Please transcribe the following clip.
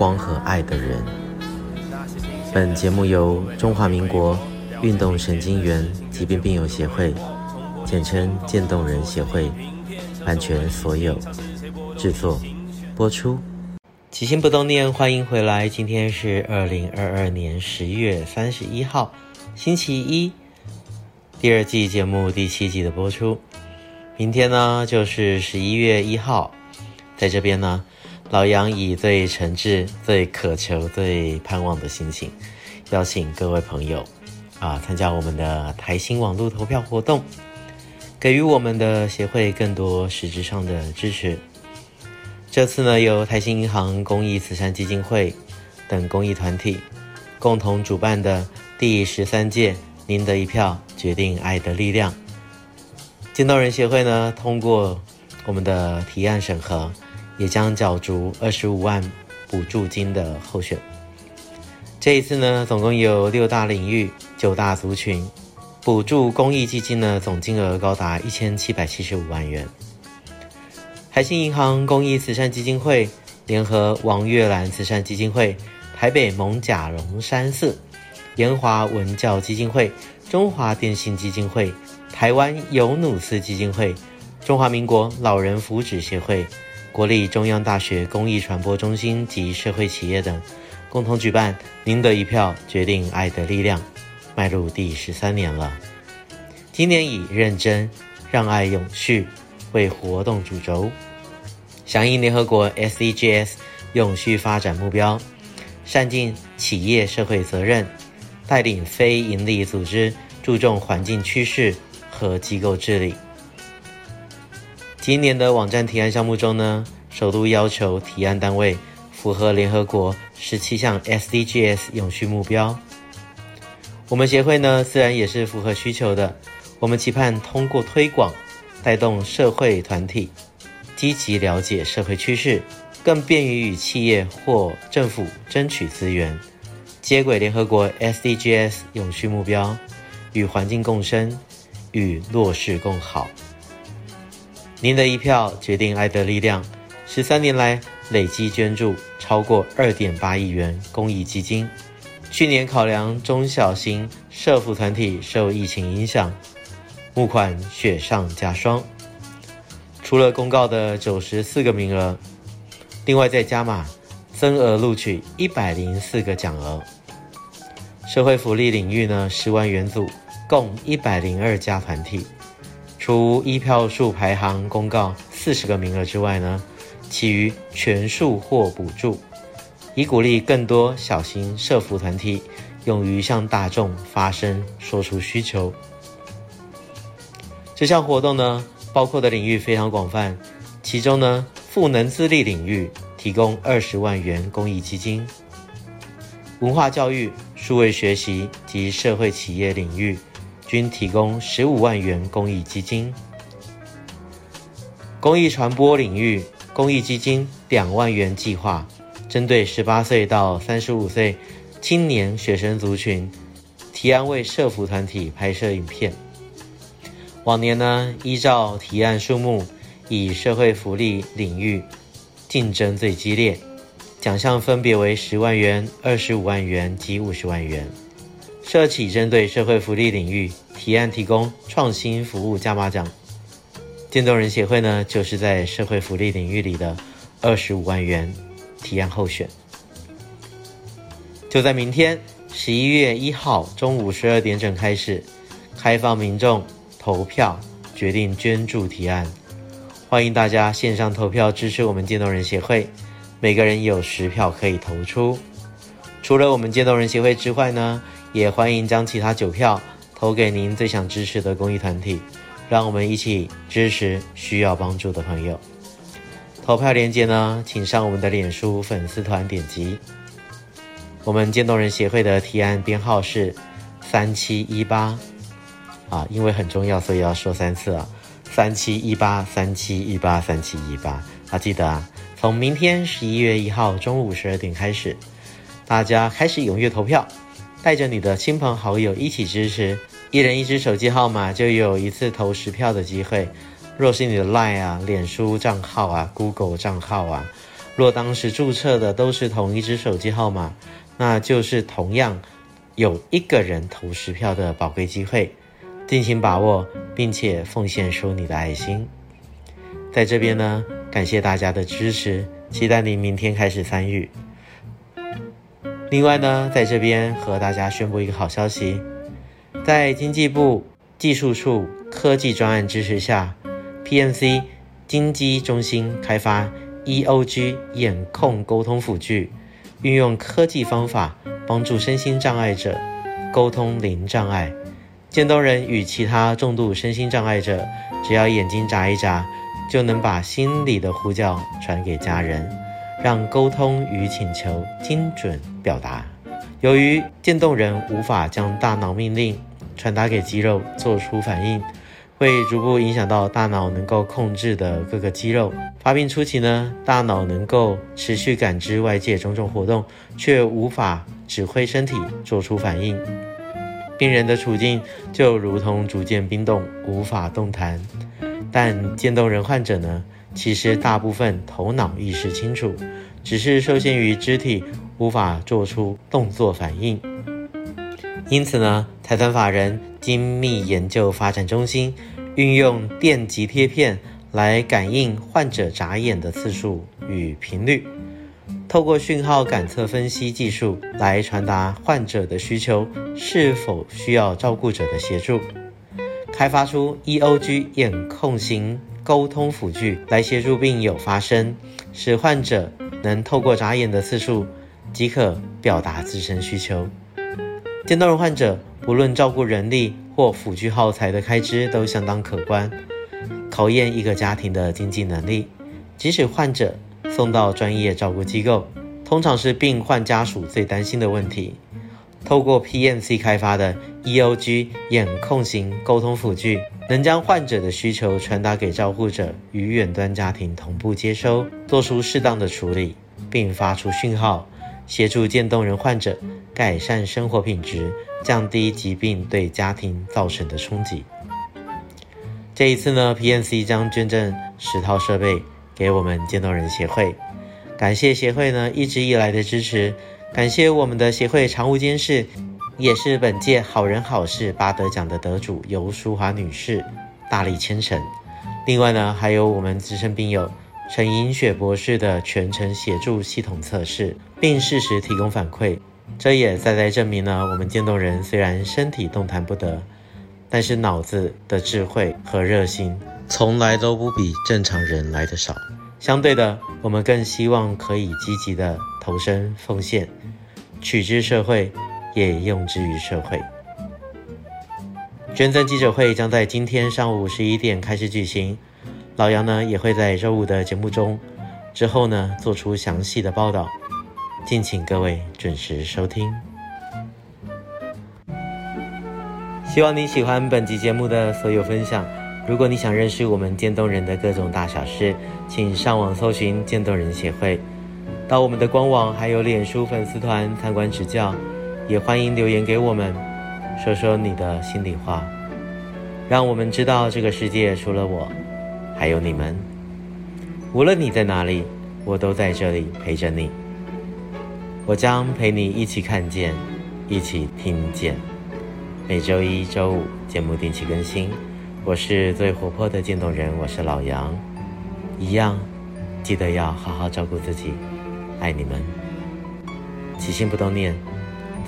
光和愛的人。本節目由中華民國運動神經元疾病病友協會，簡稱漸凍人協會，版權所有，製作、播出。起心不凍念，歡迎回來。今天是二零二二年十月三十一號，星期一，第二季節目第七集的播出。明天呢，就是十一月一號，在這邊呢，老楊以最誠摯、最渴求、最盼望的心情，邀請各位朋友，啊，參加我們的台新網路投票活動，給予我們的協會更多實質上的支持。這次呢，由台新銀行公益慈善基金會等公益團體共同主辦的第十三屆“您的一票決定愛的力量”，漸凍人協會呢，通過我們的提案審核。也將角逐二十五萬補助金的候選。這一次呢，總共有六大領域、九大族群補助公益基金呢，總金額高達一千七百七十五萬元。台新銀行公益慈善基金會聯合王月蘭慈善基金會、台北艋舺龍山寺、研華文教基金會、中華電信基金會、台灣尤努斯基金會、中華民國老人福祉協會、國立中央大學公益傳播中心及社會企業等，共同舉辦“您的一票，決定愛的力量”，邁入第十三年了。今年以“認真，讓愛永續”為活動主軸，響應聯合國 SDGs 永續發展目標，善盡企業社會責任，帶領非營利組織注重環境趨勢和機構治理。今年的網站提案項目中呢，首度要求提案單位符合聯合國十七項 SDGs 永續目標。我們協會呢，自然也是符合需求的。我們期盼通過推廣，帶動社會團體積極了解社會趨勢，更便於與企業或政府爭取資源，接軌聯合國 SDGs 永續目標，與環境共生，與弱勢共好。您的一票決定愛的力量，十三年來累計捐助超過二點八億元公益基金。去年考量中小型社福團體受疫情影響，募款雪上加霜。除了公告的九十四個名額，另外再加碼增額錄取一百零四個獎額。社會福利領域呢，十萬元組共一百零二家團體。除依票數排行公告四十個名額之外呢，其餘全數獲補助，以鼓勵更多小型社福團體，勇於向大眾發聲，說出需求。這項活動呢，包括的領域非常廣泛，其中呢，復能自立領域提供二十萬元公益基金，文化教育、數位學習及社會企業領域。均提供十五萬元公益基金。公益傳播領域公益基金兩萬元計劃，針對十八歲到三十五歲青年學生族群，提案為社福團體拍攝影片。往年呢，依照提案數目，以社會福利領域競爭最激烈，獎項分別為十萬元、二十五萬元及五十萬元。社企針對社會福利領域提案提供創新服務加碼獎，漸凍人協會呢，就是在社會福利領域裡的二十五萬元提案候選。就在明天十一月一號中午十二點整開始，開放民眾投票決定捐助提案，歡迎大家線上投票支持我們漸凍人協會，每個人有十票可以投出。除了我們漸凍人協會之外呢，也歡迎將其他九票投給您最想支持的公益團體，讓我們一起支持需要幫助的朋友。投票鏈接呢，請上我們的臉書粉絲團點擊。我們漸凍人協會的提案編號是三七一八啊，因為很重要，所以要說三次啊：三七一八，三七一八，三七一八。啊，記得啊，從明天十一月一號中午十二點開始，大家開始踴躍投票。帶着你的親朋好友一起支持，一人一支手機號碼就有一次投十票的機會。若是你的 Line 啊、臉書賬號啊、Google 賬號啊，若當時註冊的都是同一只手機號碼，那就是同樣有一個人投十票的寶貴機會，敬請把握，並且奉獻出你的愛心。在這邊呢，感謝大家的支持，期待你明天開始參與。另外呢，在這邊和大家宣布，一個好消息，在經濟部技術處科技專案支持下，PMC 精機中心開發 EOG 眼控溝通輔具，運用科技方法幫助身心障礙者溝通零障礙，漸凍人與其他重度身心障礙者，只要眼睛眨一眨，就能把心裡的呼叫傳給家人。讓溝通與請求精準表達。由於漸凍人無法將大腦命令傳達給肌肉做出反應，會逐步影響到大腦能夠控制的各個肌肉。發病初期呢，大腦能夠持續感知外界種種活動，卻無法指揮身體做出反應。病人的處境就如同逐漸冰凍，無法動彈。但漸凍人患者呢，其實大部分頭腦意識清楚，只是受限於肢體無法做出動作反應。因此呢，財團法人精密研究發展中心運用電極貼片來感應患者眨眼的次數與頻率，透過訊號感測分析技術來傳達患者的需求是否需要照顧者的協助，開發出 EOG 眼控型溝通輔具來協助病友發聲，使患者能透過眨眼的次數即可表達自身需求。漸凍人患者不論照顧人力或輔具耗材的開支都相當可觀，考驗一個家庭的經濟能力。即使患者送到專業照顧機構，通常是病患家屬最擔心的問題。透過 PMC 開發的 EOG 眼控型溝通輔具。能將患者的需求傳達給照護者與遠端家庭同步接收，做出適當的處理，並發出訊號，協助漸凍人患者改善生活品質，降低疾病對家庭造成的衝擊。這一次呢，PMC 將捐贈十套設備給我們漸凍人協會，感謝協會呢一直以來的支持，感謝我們的協會常務監事。也是本屆好人好事八德獎的得主游淑華女士大力牽成。另外呢，還有我們資深病友陳銀雪博士的全程協助系統測試，並適時提供反饋，這也在在證明了我們漸凍人雖然身體動彈不得，但是腦子的智慧和熱心從來都不比正常人來的少。相對的，我們更希望可以積極的投身奉獻，取之社會。也用之於社會。捐贈記者會將在今天上午十一點開始舉行，老羊呢，也會在週五的節目中之後呢做出詳細的報道，敬請各位準時收聽。希望你喜歡本集節目的所有分享。如果你想認識我們漸凍人的各種大小事，請上網搜尋漸凍人協會，到我們的官網還有臉書粉絲團參觀指教。也歡迎留言給我們，說說你的心裡話，讓我們知道這個世界除了我，還有你們。無論你在哪裡，我都在這裡陪着你。我將陪你一起看見，一起聽見。每周一、周五節目定期更新。我是最活潑的漸凍人，我是老楊。一樣，記得要好好照顧自己。愛你們，起心不凍念。